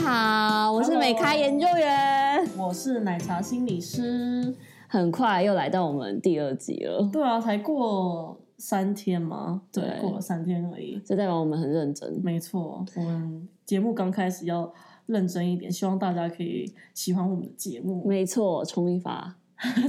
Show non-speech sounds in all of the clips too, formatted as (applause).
大家好，我是美開研究員，Hello, 我是奶茶心理師。很快又來到我們第二集了，對啊，才過三天嘛，對，對過了三天而已。這代表我們很認真，沒錯。我們節目剛開始要認真一點，希望大家可以喜歡我們的節目。沒錯，衝一發，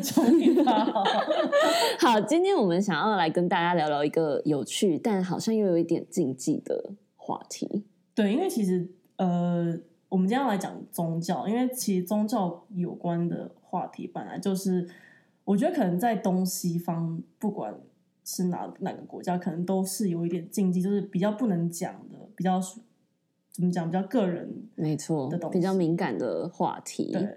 衝 (laughs) 一發、哦。 (laughs) 好，今天我們想要來跟大家聊聊一個有趣但好像又有一點禁忌的話題。對，因為其實、嗯、呃。我們今天要來講宗教，因為其實宗教有關的話題本來就是，我覺得可能在東西方，不管是哪哪個國家，可能都是有一點禁忌，就是比較不能講的，比較怎麼講，比較個人的東西，沒錯，比較敏感的話題。對，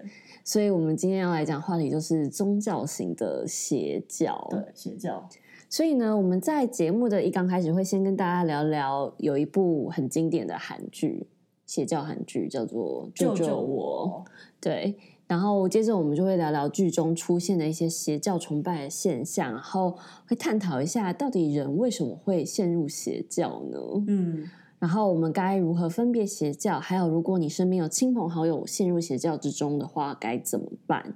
所以我們今天要來講話題就是宗教型的邪教，對，邪教。所以呢，我們在節目的一剛開始會先跟大家聊聊，有一部很經典的韓劇。邪教韓劇叫做《救救我》，對，然後接着我們就會聊聊劇中出現的一些邪教崇拜的現象，然後會探討一下到底人為什麼會陷入邪教呢？嗯，然後我們該如何分別邪教？還有，如果你身邊有親朋好友陷入邪教之中的話，該怎麼辦？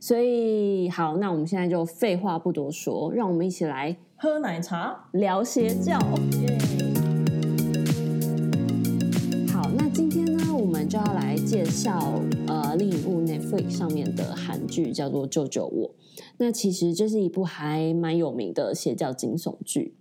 所以，好，那我們現在就廢話不多說，讓我們一起來喝奶茶聊邪教。嗯 Okay 今天呢，我們就要來介紹呃，另一部 Netflix 上面的韓劇，叫做《救救我》。那其實這是一部還蠻有名的邪教驚悚劇，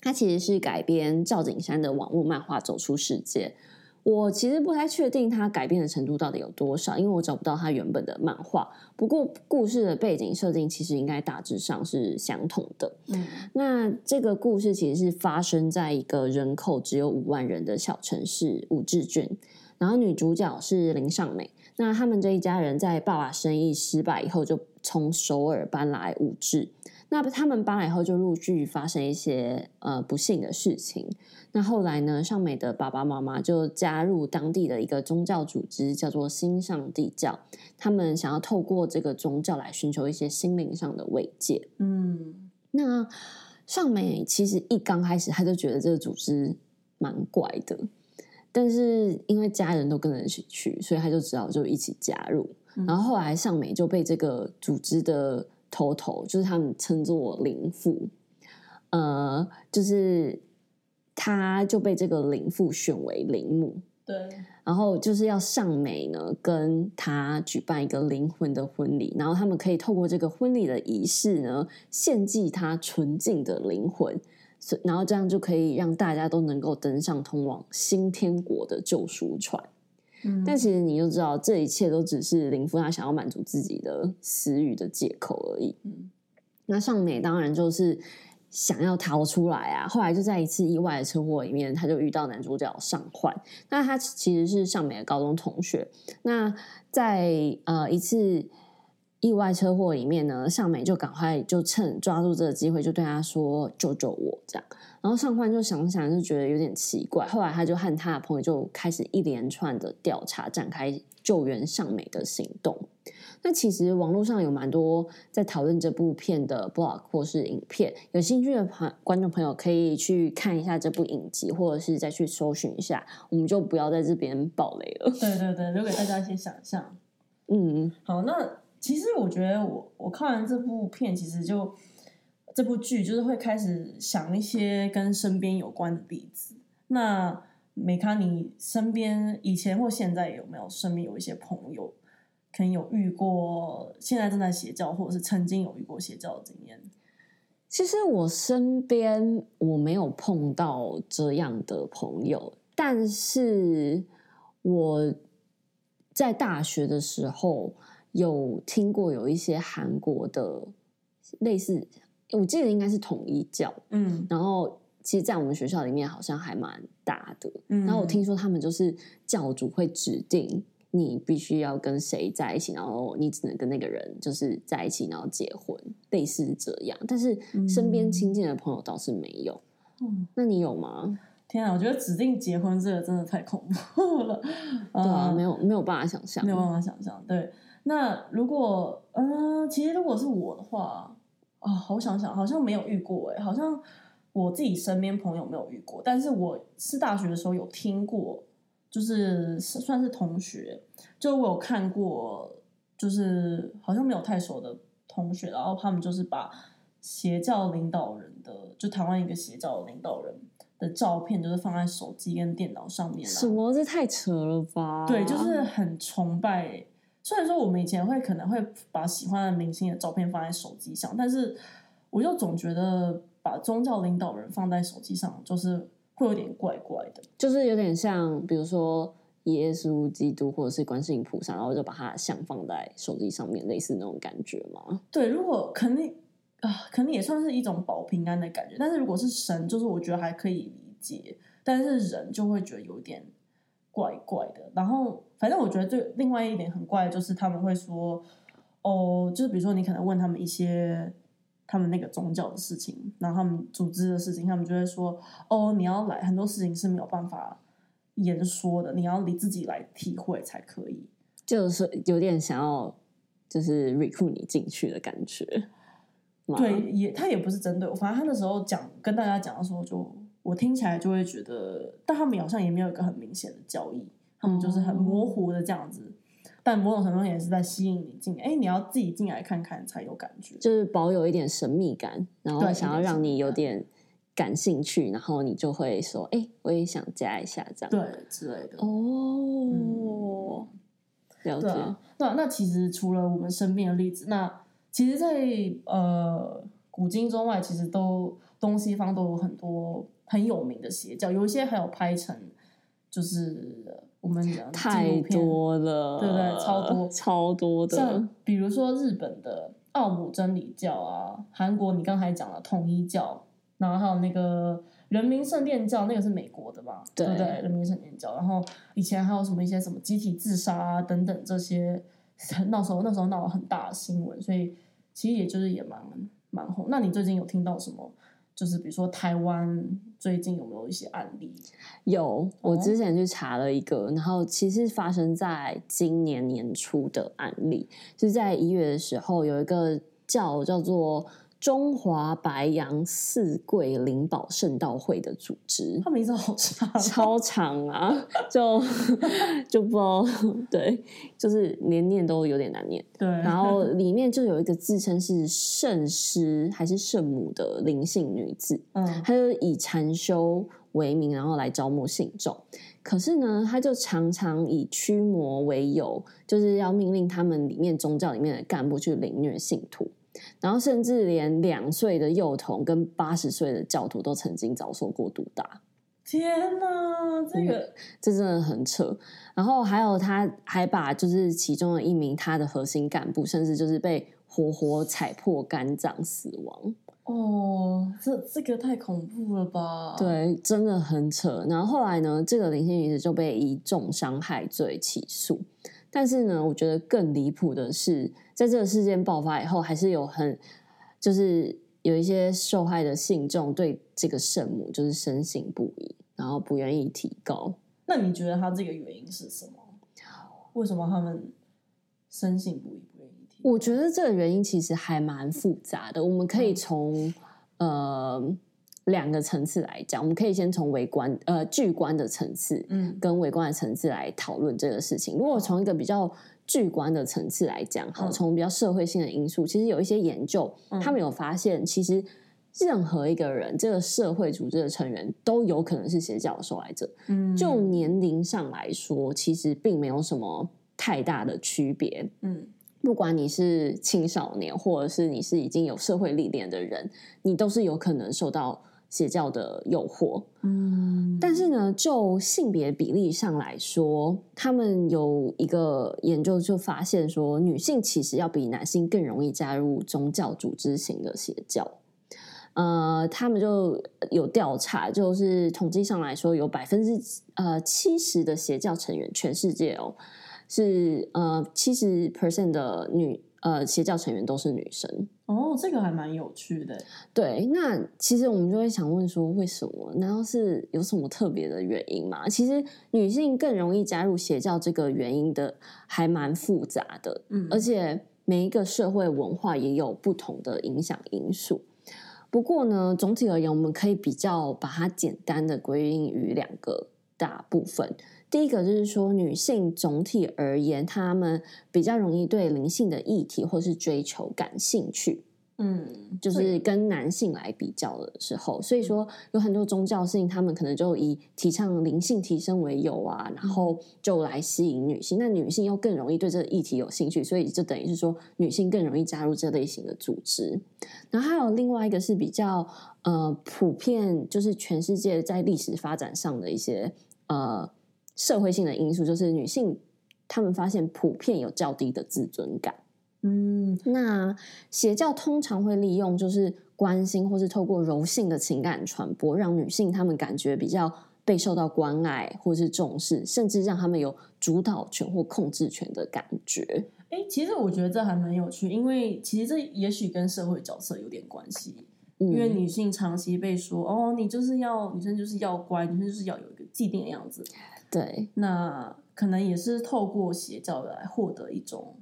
它其實是改編趙景山的網絡漫畫《走出世界》。我其實不太確定它改編的程度到底有多少，因為我找不到它原本的漫畫。不過故事的背景設定其實應該大致上是相同的。嗯，那這個故事其實是發生在一個人口只有五萬人的小城市伍志郡，然後女主角是林尚美。那他們這一家人在爸爸生意失敗以後，就從首爾搬來武治。那他們搬來以後，就陸續發生一些呃不幸的事情。那後來呢，尚美的爸爸媽媽就加入當地的一個宗教組織，叫做新上帝教。他們想要透過這個宗教來尋求一些心靈上的慰藉。嗯，那尚美其實一剛開始他就覺得這個組織蠻怪的。但是因為家人都跟着一起去，所以他就只好就一起加入。嗯、然後後來尚美就被這個組織的頭頭，就是他們稱作靈父，呃，就是他就被這個靈父選為靈母。對。然後就是要尚美呢跟他舉辦一個靈魂的婚禮，然後他們可以透過這個婚禮的儀式呢，獻祭他純淨的靈魂。然後這樣就可以讓大家都能夠登上通往新天國的救贖船，嗯、但其實你就知道這一切都只是林夫他想要滿足自己的私慾的借口而已。嗯、那尚美當然就是想要逃出來啊，後來就在一次意外的車禍裡面，他就遇到男主角尚幻，那他其實是尚美的高中同學。那在呃一次。意外車禍裡面呢，尚美就趕快就趁抓住這個機會，就對他說：“救救我！”這樣。然後上官就想想，就覺得有點奇怪。後來他就和他的朋友就開始一連串的調查，展開救援尚美的行動。那其實網絡上有蠻多在討論這部片的 blog 或是影片，有興趣的朋觀眾朋友可以去看一下這部影集，或者是再去搜尋一下。我們就不要在這邊爆雷了。對對對，留給大家一些想象。嗯，好，那。其實我覺得我，我我看完這部片，其實就這部劇，就是會開始想一些跟身邊有關的例子。那美康，你身邊以前或現在有沒有身邊有一些朋友，可能有遇過，現在正在邪教，或者是曾經有遇過邪教的經驗？其實我身邊我沒有碰到這樣的朋友，但是我在大學的時候。有聽過有一些韓國的類似，我記得應該是統一教，嗯，然後其實，在我們學校裡面好像還蠻大的，嗯，然後我聽說他們就是教主會指定你必須要跟誰在一起，然後你只能跟那個人就是在一起，然後結婚，類似這樣。但是身邊親近的朋友倒是沒有，嗯，那你有嗎？天啊，我覺得指定結婚這個真的太恐怖了，對啊，沒有沒有辦法想象，沒有辦法想象，嗯，對。那如果嗯、呃，其實如果是我的話，啊、哦，好想想，好像沒有遇過誒，好像我自己身邊朋友沒有遇過，但是我是大學的時候有聽過，就是算是同學，就我有看過，就是好像沒有太熟的同學，然後他們就是把邪教領導人的，就台灣一個邪教領導人的照片，就是放在手機跟電腦上面。啊，什麼？這太扯了吧？對，就是很崇拜。雖然說我們以前會可能會把喜歡的明星的照片放在手機上，但是我就總覺得把宗教領導人放在手機上，就是會有點怪怪的，就是有點像，比如說耶穌基督或者是觀世音菩薩，然後就把他像放在手機上面，類似那種感覺嗎？對，如果肯定啊，肯定也算是一種保平安的感覺，但是如果是神，就是我覺得還可以理解，但是人就會覺得有點。怪怪的，然後反正我覺得最，就另外一點很怪，就是他們會說，哦，就是比如說你可能問他們一些他們那個宗教的事情，然後他們組織的事情，他們就會說，哦，你要來，很多事情是沒有辦法言說的，你要你自己來體會才可以，就是有點想要就是 recruit 你進去的感覺。對，也他也不是針對我，反正他那時候講跟大家講的時候就。我聽起來就會覺得，但他們好像也沒有一個很明顯的教義，他們就是很模糊的這樣子，嗯、但某種程度也是在吸引你進，哎、欸，你要自己進來看看才有感覺，就是保有一點神秘感，然後想要讓你有點感興趣，然後你就會說，哎、欸，我也想加一下這樣，對，之類的，哦，嗯、了解，那、啊啊、那其實除了我們身邊的例子，那其實在，在呃古今中外，其實都東西方都有很多。很有名的邪教，有一些還有拍成，就是我們紀錄片，太多了，對不對？超多，超多的。像比如說日本的奧姆真理教啊，韓國你剛才講了統一教，然後還有那個人民聖殿教，那個是美國的吧？對，對不對？人民聖殿教，然後以前還有什麼一些什麼集體自殺啊等等這些，那時候那時候鬧了很大的新聞，所以其實也就是也蠻蠻紅。那你最近有聽到什麼？就是比如說台灣最近有沒有一些案例？有，我之前去查了一個，哦、然後其實發生在今年年初的案例，就是在一月的時候有一個叫叫做中華白陽四桂靈寶聖道會的組織，他名字好長啊，超長啊，就 (laughs) 就不知道，對，就是連念都有點難念。對，然後裡面就有一個自稱是聖師還是聖母的靈性女子，嗯，他就以禪修為名，然後來招募信眾。可是呢，他就常常以驅魔為由，就是要命令他們裡面宗教裡面的幹部去凌虐信徒。然後，甚至連兩歲的幼童跟八十歲的教徒都曾經遭受過毒打。天哪，這個、嗯、這真的很扯。然後還有，他還把就是其中的一名他的核心幹部，甚至就是被活活踩破肝臟死亡。哦，這這個太恐怖了吧？對，真的很扯。然後後來呢，這個林姓女子就被以重傷害罪起訴。但是呢，我覺得更離譜的是，在這個事件爆發以後，還是有很，就是有一些受害的信眾對這個聖母就是深信不疑，然後不願意提高。那你覺得他這個原因是什麼？為什麼他們深信不疑，不願意提？我覺得這個原因其實還蠻複雜的，我們可以從、嗯、呃。兩個層次來講，我們可以先從微觀呃、巨觀的層次，嗯，跟微觀的層次來討論這個事情。如果從一個比較巨觀的層次來講，嗯、好，從比較社會性的因素，其實有一些研究，嗯、他們有發現，其實任何一個人，這個社會組織的成員都有可能是邪教的受害者。嗯，就年齡上來說，其實並沒有什麼太大的區別。嗯，不管你是青少年，或者是你是已經有社會歷練的人，你都是有可能受到。邪教的誘惑，嗯，但是呢，就性別比例上來說，他們有一個研究就發現說，女性其實要比男性更容易加入宗教組織型的邪教。呃，他們就有調查，就是統計上來說，有百分之呃七十的邪教成員，全世界哦，是呃七十 percent 的女。呃，邪教成員都是女生哦，這個還蠻有趣的。對，那其實我們就會想問說，為什麼？難道是有什麼特別的原因嗎？其實女性更容易加入邪教，這個原因的還蠻複雜的，嗯，而且每一個社會文化也有不同的影響因素。不過呢，總體而言，我們可以比較把它簡單的歸因於兩個大部分。第一個就是說，女性總體而言，她們比較容易對靈性的議題或是追求感興趣。嗯，就是跟男性來比較的時候，對所以說有很多宗教性，他們可能就以提倡靈性提升為由啊，然後就來吸引女性。那女性又更容易對這個議題有興趣，所以就等於是說，女性更容易加入這類型的組織。然後還有另外一個是比較呃普遍，就是全世界在歷史發展上的一些呃。社會性的因素，就是女性，她們發現普遍有較低的自尊感。嗯，那邪教通常會利用就是關心或是透過柔性的情感傳播，讓女性她們感覺比較被受到關愛或是重視，甚至讓他們有主導權或控制權的感覺。欸，其實我覺得這還蠻有趣，因為其實這也許跟社會角色有點關係，嗯，因為女性長期被說哦，你就是要，女生就是要乖，女生就是要有一個既定的樣子。對，那可能也是透過邪教來獲得一種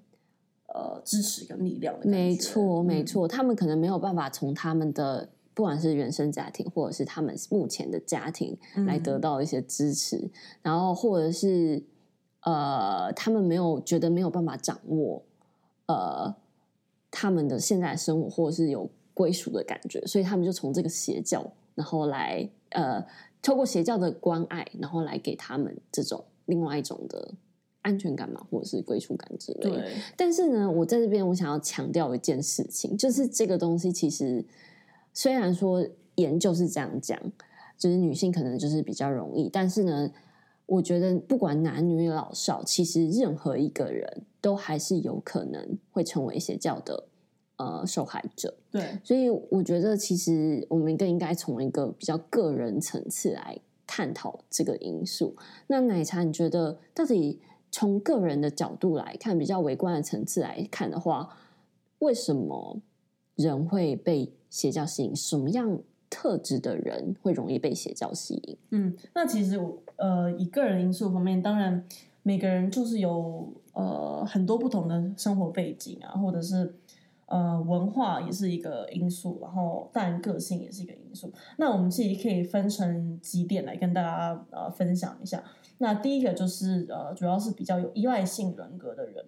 呃支持跟力量的感覺，沒錯，嗯、沒錯，他們可能沒有辦法從他們的不管是原生家庭，或者是他們目前的家庭來得到一些支持，嗯、然後或者是呃，他們沒有覺得沒有辦法掌握呃他們的現在的生活，或者是有歸屬的感覺，所以他們就從這個邪教，然後來呃。透過邪教的關愛，然後來給他們這種另外一種的安全感嘛，或者是歸屬感之類的。對但是呢，我在這邊我想要強調一件事情，就是這個東西其實雖然說研究是這樣講，就是女性可能就是比較容易，但是呢，我覺得不管男女老少，其實任何一個人都還是有可能會成為邪教的。呃，受害者對，所以我覺得其實我們更應該從一個比較個人層次來探討這個因素。那奶茶，你覺得到底從個人的角度來看，比較微觀的層次來看的話，為什麼人會被邪教吸引？什麼樣特質的人會容易被邪教吸引？嗯，那其實我呃，以個人因素方面，當然每個人就是有呃很多不同的生活背景啊，或者是。呃，文化也是一個因素，然後但個性也是一個因素。那我們自己可以分成幾點來跟大家呃分享一下。那第一個就是呃，主要是比較有依賴性人格的人。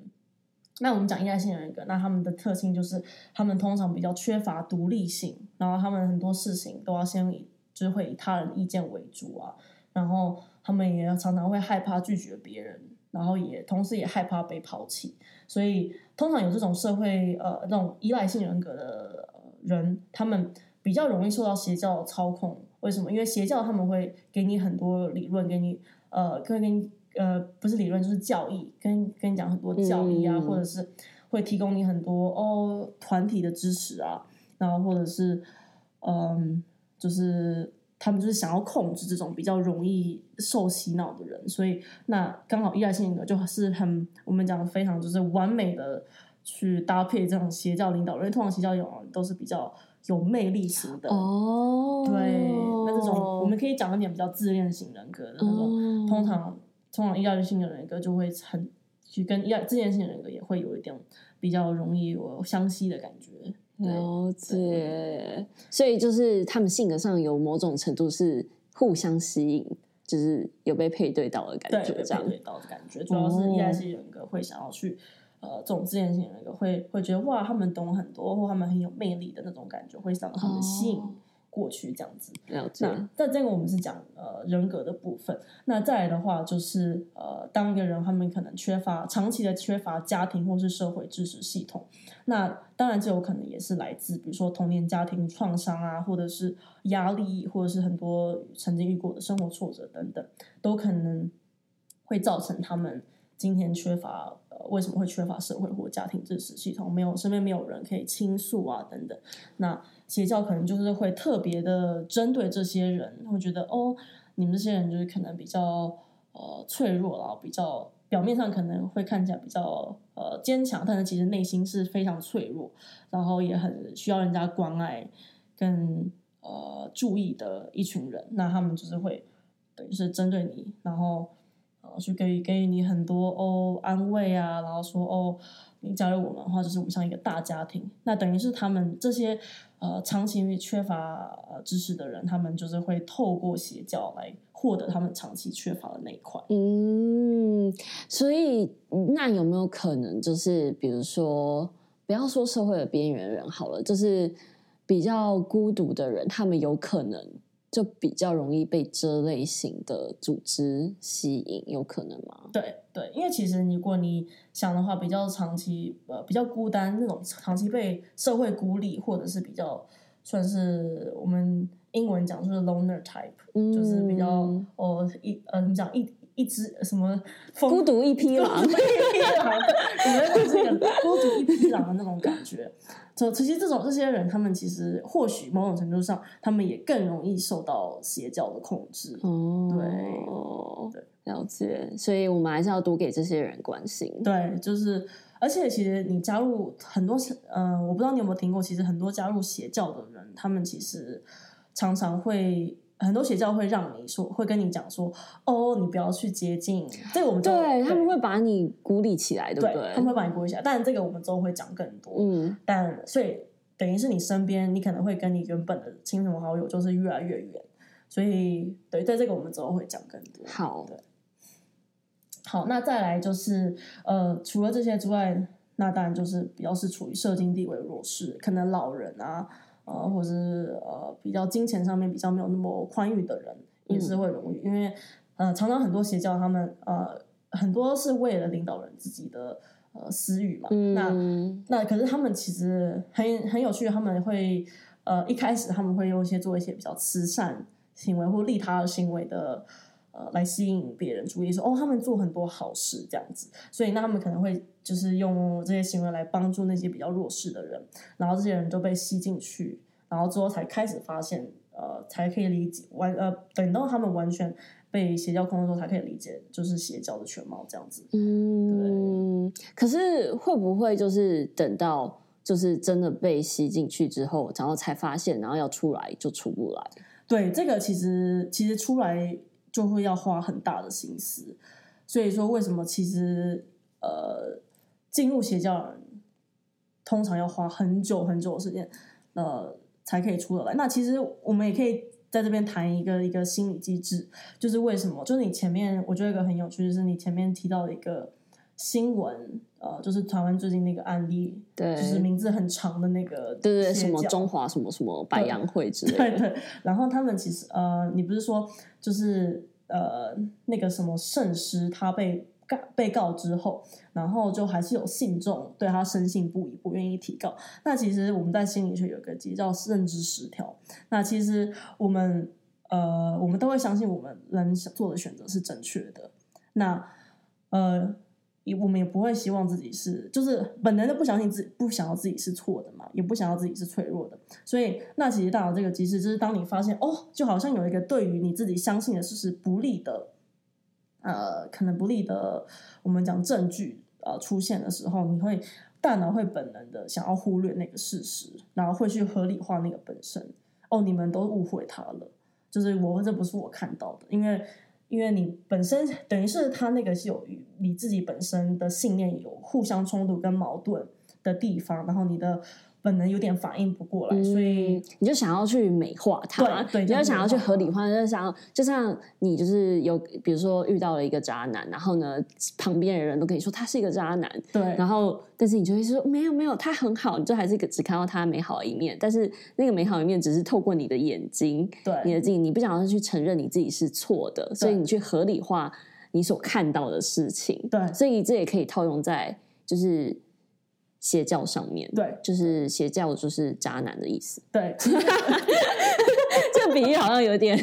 那我們講依賴性人格，那他們的特性就是他們通常比較缺乏獨立性，然後他們很多事情都要先以就是會以他人的意見為主啊，然後他們也常常會害怕拒絕別人。然後也同時也害怕被拋棄，所以通常有這種社會呃這種依賴性人格的、呃、人，他們比較容易受到邪教的操控。為什麼？因為邪教他們會給你很多理論，給你呃，可以給你呃，不是理論就是教義，跟跟你講很多教義啊，嗯、或者是會提供你很多哦團體的支持啊，然後或者是嗯就是。他們就是想要控制這種比較容易受洗腦的人，所以那剛好依賴性人格就是很我們講的非常就是完美的去搭配這種邪教領導人。因為通常邪教友都是比較有魅力型的哦，對，那這種我們可以講一點比較自戀型人格的那種，哦、通常通常依賴性的人格就會很去跟依賴自戀型人格也會有一點比較容易有相吸的感覺。了解，對所以就是他們性格上有某種程度是互相吸引，就是有被配對到的感覺，這樣對，被配對到的感覺，主要是依賴型人格會想要去，哦、呃，這種自戀型人格會會覺得哇，他們懂很多，或他們很有魅力的那種感覺，會想到他們吸引。哦過去這樣子，了解。那這個我們是講呃人格的部分。那再來的話，就是呃，當一個人他們可能缺乏長期的缺乏家庭或是社會支持系統，那當然這有可能也是來自比如說童年家庭創傷啊，或者是壓力，或者是很多曾經遇過的生活挫折等等，都可能會造成他們今天缺乏呃為什麼會缺乏社會或家庭支持系統，沒有，身邊沒有人可以傾訴啊等等，那。邪教可能就是會特別的針對這些人，會覺得哦，你們這些人就是可能比較呃脆弱，然後比較表面上可能會看起來比較呃堅強，但是其實內心是非常脆弱，然後也很需要人家關愛跟呃注意的一群人。那他們就是會等於是針對你，然後呃去給予給予你很多哦安慰啊，然後說哦。你加入我們的話，就是我們像一個大家庭。那等於是他們這些呃長期缺乏、呃、知識的人，他們就是會透過邪教來獲得他們長期缺乏的那一塊。嗯，所以那有沒有可能，就是比如說，不要說社會的邊緣人好了，就是比較孤獨的人，他們有可能就比較容易被這類型的組織吸引，有可能嗎？對。對，因為其實如果你想的話，比較長期，呃，比較孤單那種，長期被社會孤立，或者是比較算是我們英文講就是 loner type，嗯、就是比較哦一，呃，你講一。一隻什麼孤獨一匹狼，孤獨一匹狼， (laughs) 狼的那種感覺。就其實這種這些人，他們其實或許某種程度上，他們也更容易受到邪教的控制。哦，對，對了解。所以我們還是要多給這些人關心。對，就是而且其實你加入很多，嗯、呃，我不知道你有沒有聽過，其實很多加入邪教的人，他們其實常常會。很多邪教會讓你說，會跟你講說，哦，你不要去接近這個我們就對，對他們會把你孤立起來，對不對？對他們會把你孤立起來。但這個我們之後會講更多。嗯，但所以等於是你身邊，你可能會跟你原本的親朋好友就是越來越遠。所以，對，在這個我們之後會講更多。好對，好，那再來就是，呃，除了這些之外，那當然就是比較是處於社經地位弱勢，可能老人啊。呃，或是呃比較金錢上面比較沒有那麼寬裕的人，也是會容易，嗯、因為呃常常很多邪教他們呃很多是為了領導人自己的呃私慾嘛，嗯、那那可是他們其實很很有趣，他們會呃一開始他們會用一些做一些比較慈善行為或利他的行為的。呃，來吸引別人注意說，說哦，他們做很多好事這樣子，所以那他們可能會就是用這些行為來幫助那些比較弱勢的人，然後這些人就被吸進去，然後之後才開始發現，呃，才可以理解完，呃，等到他們完全被邪教控制之後，才可以理解就是邪教的全貌這樣子。嗯，對，可是會不會就是等到就是真的被吸進去之後，然後才發現，然後要出來就出不來？對，這個其實其實出來。就會要花很大的心思，所以說為什麼其實呃進入邪教人通常要花很久很久的時間，呃才可以出得來。那其實我們也可以在這邊談一個一個心理機制，就是為什麼？就是你前面我覺得一個很有趣，就是你前面提到的一個。新聞呃，就是台灣最近那個案例。對就是名字很長的那個，對，對對，什麼中華什麼什麼百洋會之類的。對，對，對然後他們其實呃，你不是說就是呃，那個什麼聖師他被告被告之後，然後就還是有信眾對他深信不疑，不願意提告。那其實我們在心理學有一個集叫認知失調，那其實我們呃，我們都會相信我們人做的選擇是正確的。那呃。我們也不會希望自己是，就是本能的不相信自己，不想要自己是錯的嘛，也不想要自己是脆弱的。所以，那其實大腦這個機制，就是當你發現哦，就好像有一個對於你自己相信的事實不利的，呃，可能不利的，我們講證據啊，呃，出現的時候，你會大腦會本能的想要忽略那個事實，然後會去合理化那個本身。哦，你們都誤會他了，就是我這不是我看到的，因為。因為你本身等於是他那個是有你自己本身的信念有互相衝突跟矛盾的地方，然後你的。本能有點反應不過來，嗯、所以你就想要去美化他，對對，你就想要去合理化，就想要，就像你，就是有，比如說遇到了一個渣男，然後呢，旁邊的人都跟你說他是一個渣男，對，然後但是你就會說沒有沒有，他很好，你就還是只看到他美好的一面，但是那個美好一面只是透過你的眼睛，對，你的鏡，你不想要去承認你自己是錯的，對所以你去合理化你所看到的事情，對，所以這也可以套用在就是。邪教上面，對，就是邪教就是渣男的意思，對， (laughs) 這個比喻好像有點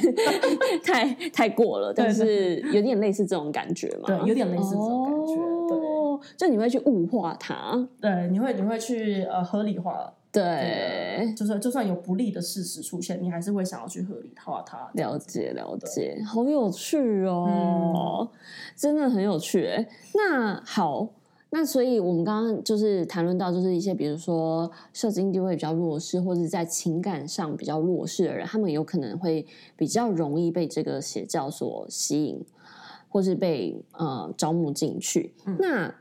太 (laughs) 太過了，但是有點類似這種感覺嘛，對，有點類似這種感覺，哦、對就你會去物化它，對，你會你會去呃合理化、這個，對，就算、是、就算有不利的事實出現，你還是會想要去合理化它了。了解了解，對好有趣哦，嗯、真的很有趣哎，那好。那所以，我們剛剛就是談論到，就是一些比如說，社經地位比較弱勢，或者在情感上比較弱勢的人，他們有可能會比較容易被這個邪教所吸引，或是被呃招募進去。嗯、那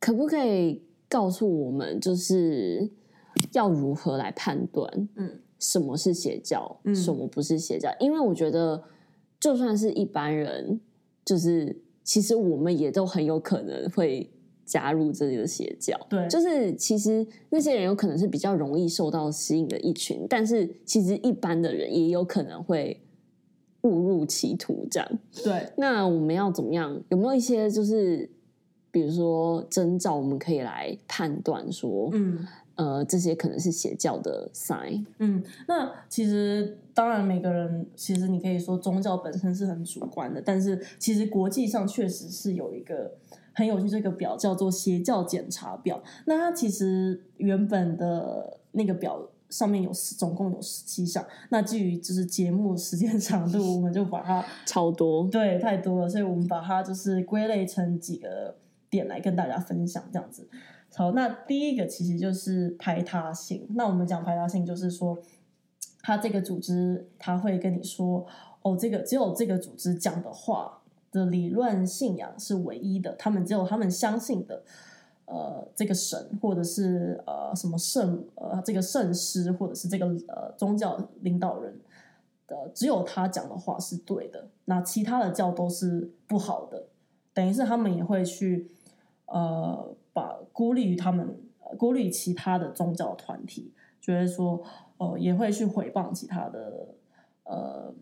可不可以告訴我們，就是要如何來判斷？嗯，什麼是邪教？嗯，什麼不是邪教？嗯、因為我覺得，就算是一般人，就是其實我們也都很有可能會。加入這裡的邪教，對，就是其實那些人有可能是比較容易受到吸引的一群，但是其實一般的人也有可能會誤入歧途這樣。對，那我們要怎麼樣？有沒有一些就是比如說徵兆，我們可以來判斷說，嗯，呃，這些可能是邪教的 sign。嗯，那其實當然每個人其實你可以說宗教本身是很主觀的，但是其實國際上確實是有一個。很有趣，這個表叫做邪教檢查表。那它其實原本的那個表上面有十，總共有十七項。那至於就是節目時間長度，我們就把它超多，對，太多了，所以我們把它就是歸類成幾個點來跟大家分享，這樣子。好，那第一個其實就是排他性。那我們講排他性，就是說，他這個組織他會跟你說，哦，這個只有這個組織講的話的理論信仰是唯一的，他們只有他們相信的，呃，這個神或者是呃什麼聖呃這個聖師或者是這個呃宗教領導人的，呃，只有他講的話是對的，那其他的教都是不好的，等於是他們也會去呃把孤立於他們孤立其他的宗教團體，就是說呃也會去誹謗其他的呃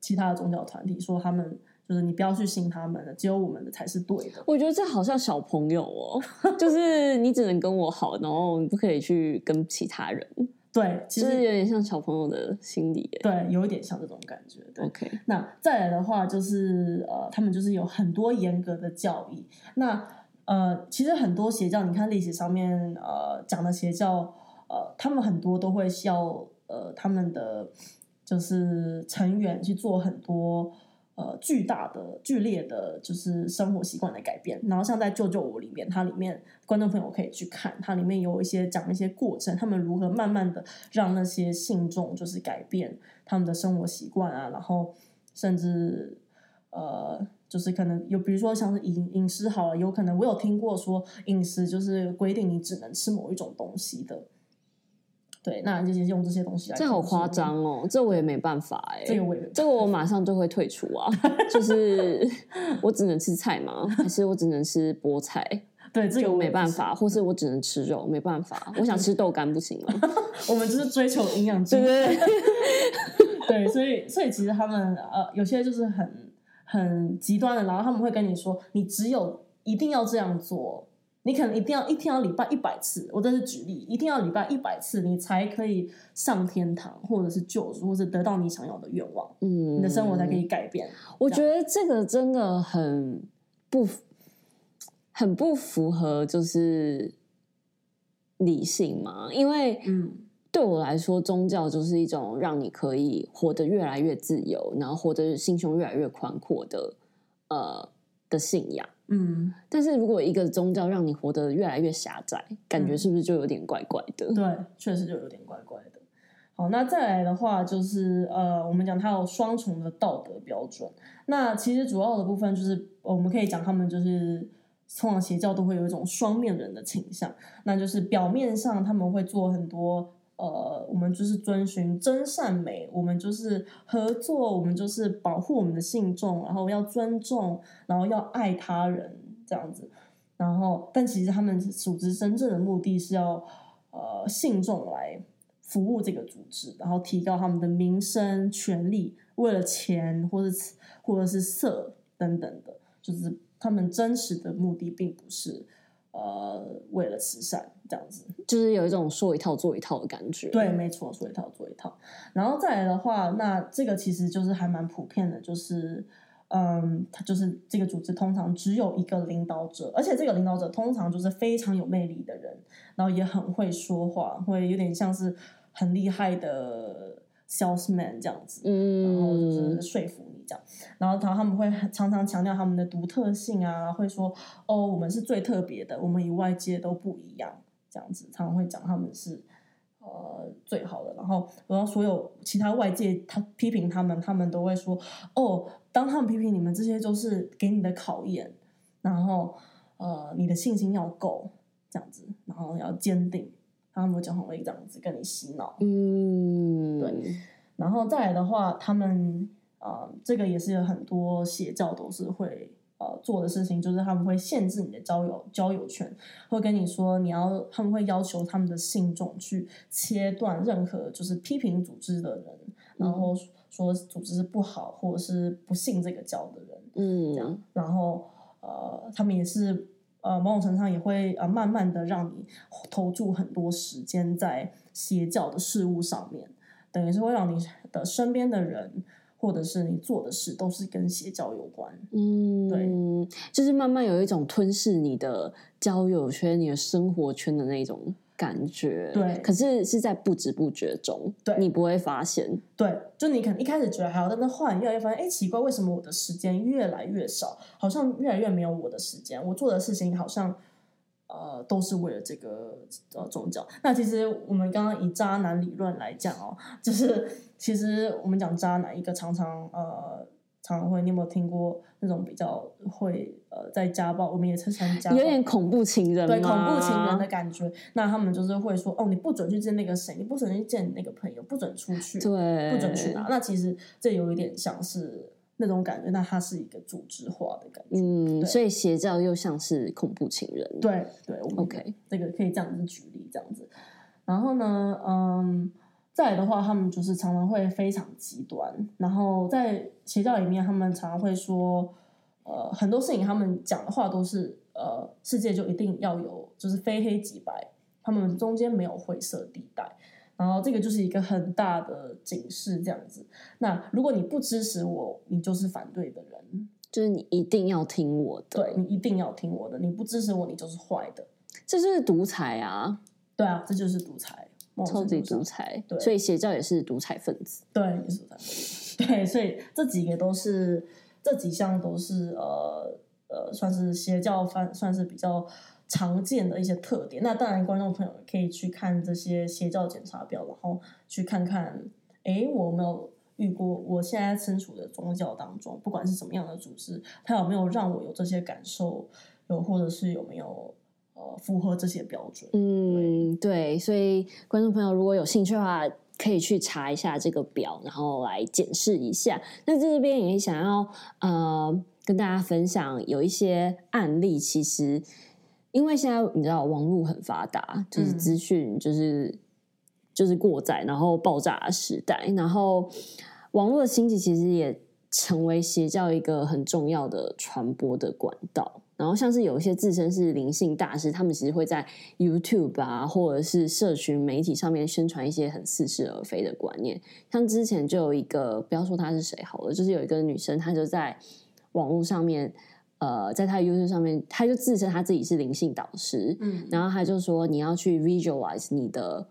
其他的宗教團體，說他們。就是你不要去信他們的，只有我們的才是對的。我覺得這好像小朋友哦， (laughs) 就是你只能跟我好，然後你不可以去跟其他人。對，其實有點像小朋友的心理。對，有一點像這種感覺。對，OK，那再來的話就是呃，他們就是有很多嚴格的教育。那呃，其實很多邪教，你看歷史上面呃講的邪教，呃，他們很多都會需要呃他們的就是成員去做很多。呃，巨大的、劇烈的，就是生活習慣的改變。然後像在《救救我》裡面，它裡面觀眾朋友可以去看，它裡面有一些講一些過程，他們如何慢慢的讓那些信眾就是改變他們的生活習慣啊，然後甚至呃，就是可能有，比如說像是飲飲食好了，有可能我有聽過說飲食就是規定你只能吃某一種東西的。對，那就直接用這些東西來。這好誇張哦！這我也沒辦法哎。這個我也這個我馬上就會退出啊！ (laughs) 就是我只能吃菜嗎？還是我只能吃菠菜？對，這個沒辦法， (laughs) 或是我只能吃肉，沒辦法。我想吃豆乾不行嗎？ (laughs) 我們就是追求營養均衡。 (laughs) (laughs) 對，所以所以其實他們呃，有些就是很很極端的，然後他們會跟你說，你只有一定要這樣做。你可能一定要一天要禮拜一百次，我這是舉例，一定要禮拜一百次，你才可以上天堂，或者是救贖，或者是得到你想要的願望，嗯，你的生活才可以改變。我覺得這個真的很不很不符合，就是理性嘛，因為對我來說，宗教就是一種讓你可以活得越來越自由，然後活得心胸越來越寬闊的，呃，的信仰。嗯，但是如果一個宗教讓你活得越來越狹窄，感覺是不是就有點怪怪的，嗯。對，確實就有點怪怪的。好，那再來的話就是，呃，我們講它有雙重的道德標準。那其實主要的部分就是，我們可以講他們就是，通常邪教都會有一種雙面人的傾向，那就是表面上他們會做很多。呃，我們就是遵循真善美，我們就是合作，我們就是保護我們的信眾，然後要尊重，然後要愛他人這樣子。然後，但其實他們組織真正的目的是要呃信眾來服務這個組織，然後提高他們的名聲、權利，為了錢或是或者是色等等的，就是他們真實的目的並不是。呃，為了慈善這樣子，就是有一種說一套做一套的感覺。對，沒錯，說一套做一套。然後再來的話，那這個其實就是還蠻普遍的，就是，嗯，他就是這個組織通常只有一個領導者，而且這個領導者通常就是非常有魅力的人，然後也很會說話，會有點像是很厲害的 salesman 這樣子，嗯，然後就是說服你這樣，然後他們會常常強調他們的獨特性啊，會說哦，我們是最特別的，我們與外界都不一樣這樣子，常常會講他們是呃最好的，然後，然後所有其他外界他批評他們，他們都會說哦，當他們批評你們，這些都是給你的考驗，然後呃，你的信心要夠這樣子，然後要堅定。他們會講紅這樣子跟你洗腦，嗯，對，然後再來的話，他們、呃、這個也是有很多邪教都是會呃做的事情，就是他們會限制你的交友交友圈，會跟你說你要他們會要求他們的信眾去切斷任何就是批評組織的人，然後說組織不好或者是不信這個教的人，嗯，然後呃，他們也是。呃，某種程度上也會呃，慢慢的讓你投注很多時間在邪教的事物上面，等於是會讓你的身邊的人或者是你做的事都是跟邪教有關。嗯，對，就是慢慢有一種吞噬你的交友圈、你的生活圈的那種。感覺對，可是是在不知不覺中，對，你不會發現。對，就你可能一開始覺得還好，但是後來越來越發現哎，奇怪，為什麼我的時間越來越少？好像越來越沒有我的時間，我做的事情，好像呃都是為了這個呃宗教。那其實我們剛剛以渣男理論來講哦，就是其實我們講渣男一個常常呃。可能會，你有沒有聽過那種比較會呃在家暴？我們也曾參加，有點恐怖情人，對，恐怖情人的感覺。那他們就是會說，哦，你不准去見那個誰，你不准去見那個朋友，不准出去，對，不准去哪。那其實這有一點像是那種感覺。那它是一個組織化的感覺，嗯，對所以邪教又像是恐怖情人。對對，OK，這個可以這樣子舉例，這樣子。然後呢，嗯。再的話，他們就是常常會非常極端。然後在邪教裡面，他們常常會說，呃，很多事情他們講的話都是，呃，世界就一定要有，就是非黑即白，他們中間沒有灰色地帶。然後這個就是一個很大的警示，這樣子。那如果你不支持我，你就是反對的人，就是你一定要聽我的，對，你一定要聽我的，你不支持我，你就是壞的，這就是獨裁啊，對啊，這就是獨裁。超級獨裁，對，所以邪教也是獨裁分子。對，獨裁。對，所以這幾個都是這幾項都是呃呃，算是邪教反算是比較常見的一些特點。那當然，觀眾朋友可以去看這些邪教檢查表，然後去看看，哎，我沒有遇過，我現在身處的宗教當中，不管是什麼樣的組織，它有沒有讓我有這些感受，有或者是有沒有？符合這些標準。嗯，對，對，所以觀眾朋友如果有興趣的話，可以去查一下這個表，然後來檢視一下。那這邊也想要呃跟大家分享有一些案例。其實，因為現在你知道網絡很發達，就是資訊就是、嗯、就是過載，然後爆炸的時代，然後網絡的興起其實也成為邪教一個很重要的傳播的管道。然後像是有一些自稱是靈性大師，他們其實會在 YouTube 啊，或者是社群媒體上面宣傳一些很似是而非的觀念。像之前就有一個，不要說他是誰好了，就是有一個女生，她就在網絡上面，呃，在她的 YouTube 上面，她就自稱她自己是靈性導師，嗯，然後她就說你要去 visualize 你的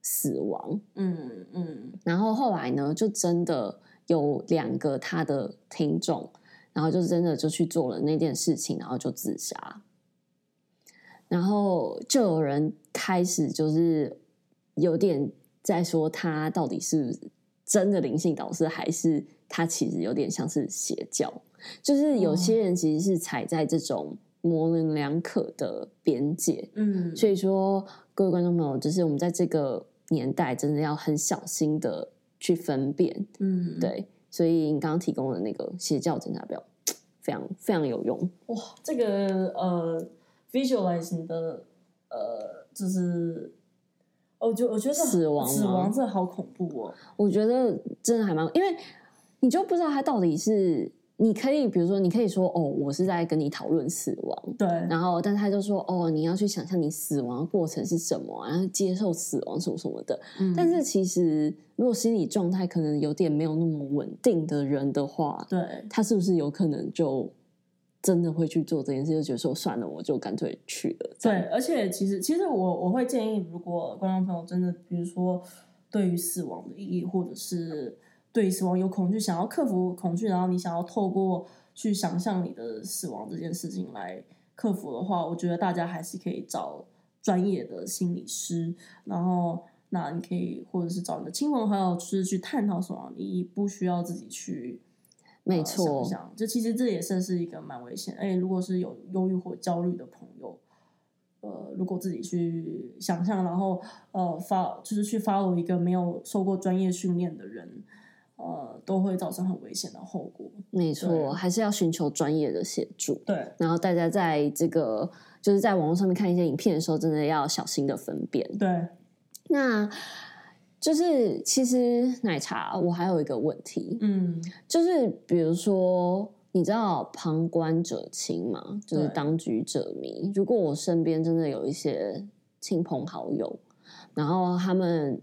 死亡，嗯嗯，嗯然後後來呢，就真的有兩個她的聽眾。然後就真的就去做了那件事情，然後就自殺。然後就有人開始就是有點在說他到底是不是真的靈性導師，還是他其實有點像是邪教？就是有些人其實是踩在這種模稜兩可的邊界。嗯、哦，所以說各位觀眾朋友，就是我們在這個年代，真的要很小心的去分辨。嗯，對。所以你剛剛提供的那個邪教檢查表，非常非常有用。哇，這個呃，visualizing 的呃，就是，我覺得我覺得死亡死亡這好恐怖哦。我覺得真的還蠻，因為你就不知道他到底是。你可以，比如說，你可以說哦，我是在跟你討論死亡，對。然後，但他就說哦，你要去想象你死亡的過程是什麼，啊，然後接受死亡什麼什麼的。嗯，但是，其實如果心理狀態可能有點沒有那麼穩定的人的話，對，他是不是有可能就真的會去做這件事？就覺得說算了，我就乾脆去了。對，而且其實，其實我我會建議，如果觀眾朋友真的，比如說，對於死亡的意義，或者是。對死亡有恐懼，想要克服恐懼，然後你想要透過去想象你的死亡這件事情來克服的話，我覺得大家還是可以找專業的心理師，然後那你可以或者是找你的親朋好友去去探討什麼，你不需要自己去。沒錯。呃、想這其實這也算是一個蠻危險。如果是有憂鬱或焦慮的朋友，呃，如果自己去想象，然後呃發就是去發 o 一個沒有受過專業訓練的人。呃，都會造成很危險的後果。沒錯，對還是要尋求專業的協助。對，然後大家在這個就是在網絡上面看一些影片的時候，真的要小心的分辨。對，那就是其實奶茶，我還有一個問題，嗯，就是比如說，你知道旁觀者清嘛，就是當局者迷。對如果我身邊真的有一些親朋好友，然後他們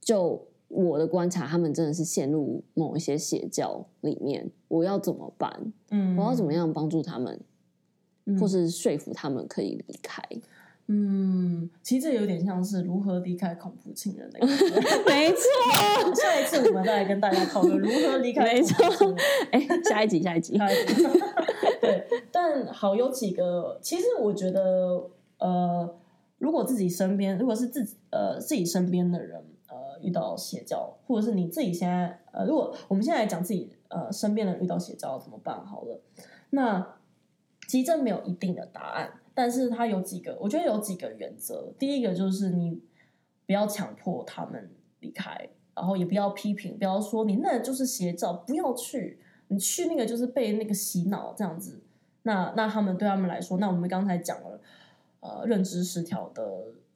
就。我的觀察，他們真的是陷入某一些邪教裡面。我要怎麼辦？嗯，我要怎麼樣幫助他們，嗯、或是說服他們可以離開？嗯，其實這有點像是如何離開恐怖情人那個。沒錯，下一次我們再來跟大家討論如何離開恐怖情人。沒錯，哎、欸，下一集，下一集，下一集。 (laughs) (laughs) 對，但好有幾個，其實我覺得，呃，如果自己身邊，如果是自己，呃，自己身邊的人。呃，遇到邪教，或者是你自己現在呃，如果我們現在來講自己呃身邊的人遇到邪教怎麼辦？好了，那其實沒有一定的答案，但是它有幾個，我覺得有幾個原則。第一個就是你不要強迫他們離開，然後也不要批評，不要說你那就是邪教，不要去，你去那個就是被那個洗腦這樣子。那那他們對他們來說，那我們剛才講了呃認知失調的。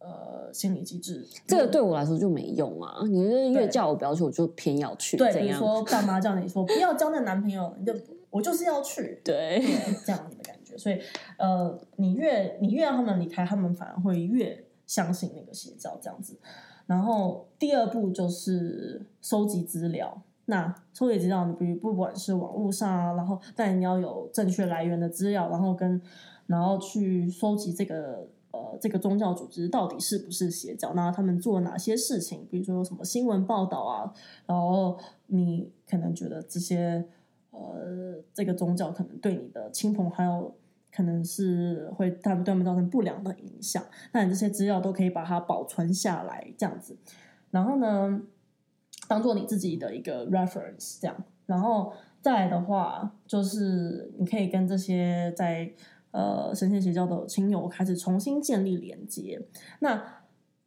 呃，心理機制這個對我來說就沒用啊！為對你越叫我不要去，我就偏要去。對，你樣說爸媽叫你說 (laughs) 不要交那男朋友，你就我就是要去。對，對，這樣的感覺。所以，呃，你越你越讓他們離開，他們反而會越相信那個邪教這樣子。然後第二步就是收集資料。那收集資料，你比如不管是網絡上啊，然後但你要有正確來源的資料，然後跟然後去收集這個。呃，這個宗教組織到底是不是邪教？那他們做哪些事情？比如說什麼新聞報道啊，然後你可能覺得這些呃，這個宗教可能對你的親朋還有可能是會他們對他們造成不良的影響。那你這些資料都可以把它保存下來，這樣子，然後呢，當做你自己的一個 reference 這樣。然後再來的話，就是你可以跟這些在。呃，神仙邪教的親友開始重新建立連接。那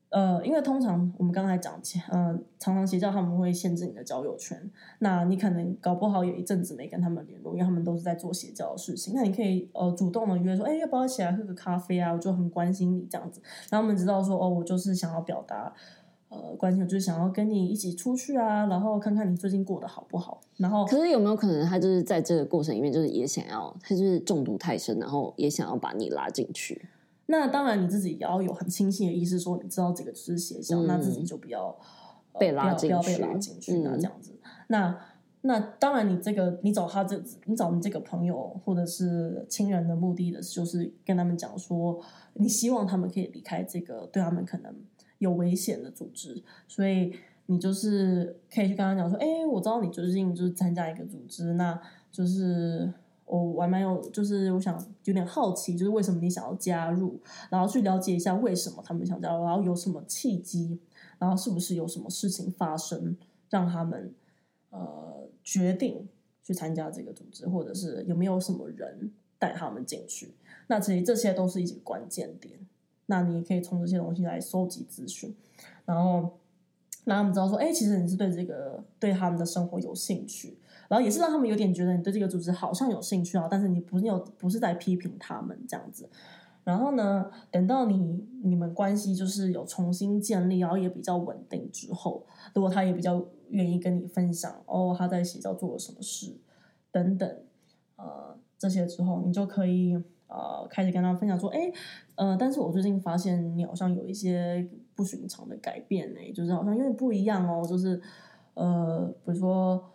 呃，因為通常我們剛才講起，呃，常常邪教他們會限制你的交友圈，那你可能搞不好有一陣子沒跟他們聯絡，因為他們都是在做邪教的事情。那你可以呃，主動的約說，哎、欸，要不要起來喝個咖啡啊？我就很關心你這樣子，然後他們知道說，哦，我就是想要表達。呃，關係就是想要跟你一起出去啊，然後看看你最近過得好不好。然後可是有沒有可能他就是在這個過程裡面，就是也想要他就是中毒太深，然後也想要把你拉進去？那當然你自己也要有很清晰的意思，說你知道這個是邪教，嗯、那自己就不要、呃、被拉進去，那這樣子。嗯、那那當然你這個你找他這你找你這個朋友或者是親人的目的的，就是跟他們講說，你希望他們可以離開這個，對他們可能。有危險的組織，所以你就是可以去跟他講說：“誒、欸，我知道你最近就是參加一個組織，那就是、我、我還蠻有，就是我想有點好奇，就是為什麼你想要加入，然後去了解一下為什麼他們想加入，然後有什麼契機，然後是不是有什麼事情發生讓他們呃決定去參加這個組織，或者是有沒有什麼人帶他們進去？那其實這些都是一些關鍵點。”那你可以從這些東西來收集資訊，然後讓他們知道說，哎、欸，其實你是對這個對他們的生活有興趣，然後也是讓他們有點覺得你對這個組織好像有興趣啊，但是你不你有不是在批評他們這樣子。然後呢，等到你你們關係就是有重新建立，然後也比較穩定之後，如果他也比較願意跟你分享，哦，他在邪教做了什麼事等等，呃，這些之後，你就可以呃開始跟他們分享說，哎、欸。呃，但是我最近發現你好像有一些不尋常的改變呢、欸，就是好像因為不一樣哦，就是呃，比如說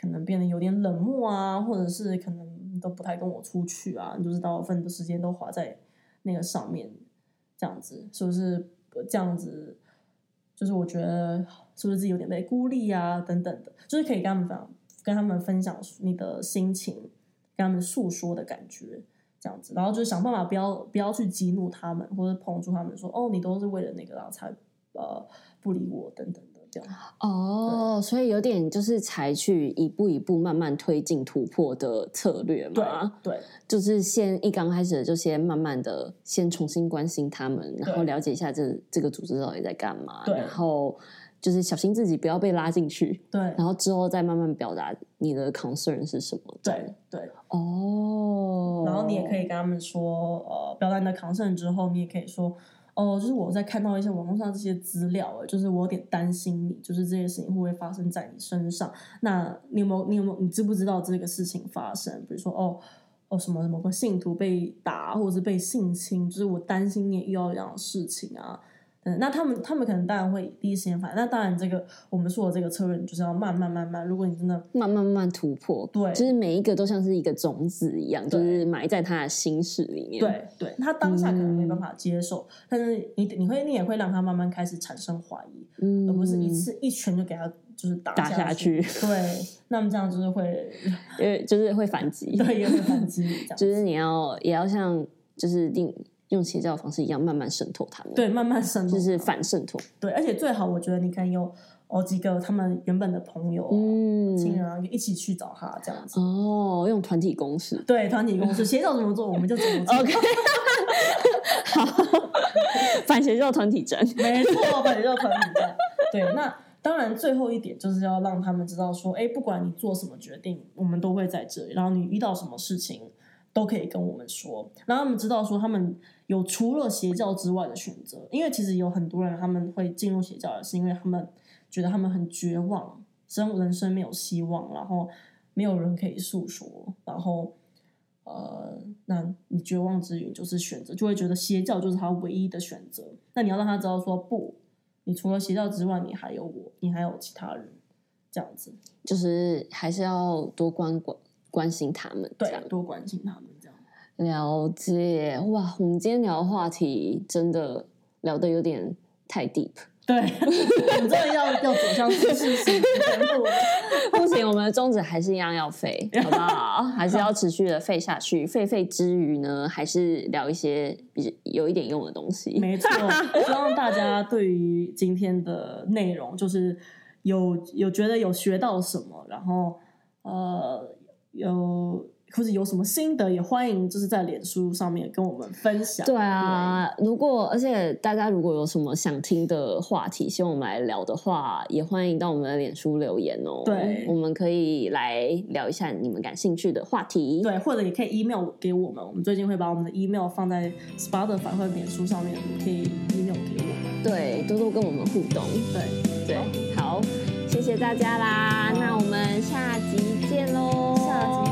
可能變得有點冷漠啊，或者是可能都不太跟我出去啊，你就是大部分的時間都花在那個上面，這樣子，是不是這樣子？就是我覺得是不是自己有點被孤立啊等等的，就是可以跟他們分享，跟他們分享你的心情，跟他們訴說的感覺。這樣子，然後就是想辦法不要不要去激怒他們，或者碰觸他們說，說哦，你都是為了那個然後才呃不理我等等的這樣。哦，對所以有點就是採取一步一步慢慢推進突破的策略嘛。對，對就是先一剛開始就先慢慢的先重新關心他們，然後了解一下這這個組織到底在幹嘛，對然後。就是小心自己不要被拉進去，對，然後之後再慢慢表達你的 concern 是什麼？對，對對，哦，oh, 然後你也可以跟他們說，呃，表達你的 concern 之後，你也可以說，哦，就是我在看到一些網絡上這些資料，就是我有點擔心你，就是這件事情會不會發生在你身上？那你有沒有？你有沒有？你知不知道這個事情發生？比如說，哦哦什麼某個信徒被打或者是被性侵，就是我擔心你也遇到這樣的事情啊。嗯，那他們他們可能當然會第一時間反應，那當然這個我們說的這個策略就是要慢慢慢慢，如果你真的慢慢慢慢突破，對，就是每一個都像是一個種子一樣，對就是埋在他的心事裡面，對對，他當下可能沒辦法接受，嗯，但是你你會你也會讓他慢慢開始產生懷疑，嗯，而不是一次一拳就給他就是打下打下去，對，那麼這樣就是會，因為就是會反擊，對，也會反擊， (laughs) 就是你要也要像就是定。用邪教的方式一樣，慢慢滲透他們。對，慢慢滲透就是反滲透。對，而且最好我覺得你看有好幾個他們原本的朋友、喔、親人、嗯、一起去找他這樣子。哦，用團體攻勢對，團體攻勢。邪教怎麼做我們就怎麼做。OK，好，反邪教團體戰，沒錯，反邪教團體戰。對，那當然最後一點就是要讓他們知道說，哎、欸，不管你做什麼決定，我們都會在這裡。然後你遇到什麼事情都可以跟我們說，讓他們知道說他們。有除了邪教之外的選擇，因為其實有很多人，他們會進入邪教，是因為他們覺得他們很絕望，生人生沒有希望，然後沒有人可以訴說，然後呃，那你絕望之餘就是選擇，就會覺得邪教就是他唯一的選擇。那你要讓他知道說，說不，你除了邪教之外，你還有我，你還有其他人，這樣子就是還是要多關關關心他們，對，多關心他們。了解。哇，我們今天聊的話題真的聊得有點太 deep，對，我們真的要要走向事實之路， (laughs) 不行，我們的宗旨還是一樣要廢， (laughs) 好不好？還是要持續的廢下去？廢廢 (laughs) 之餘呢，還是聊一些有有一點用的東西。沒錯，希望大家對於今天的內容，就是有有覺得有學到什麼，然後呃有。或者有什麼心得，也歡迎就是在臉書上面跟我們分享。對啊，對，如果而且大家如果有什麼想聽的話題，希望我們來聊的話，也歡迎到我們的臉書留言哦、喔。對，我們可以來聊一下你們感興趣的話題。對，或者你可以 email 給我們，我們最近會把我們的 email 放在 Spotify 或臉書上面，你可以 email 給我們。對，多多跟我們互動。對對，對哦、好，謝謝大家啦，哦、那我們下集見嘍。下集。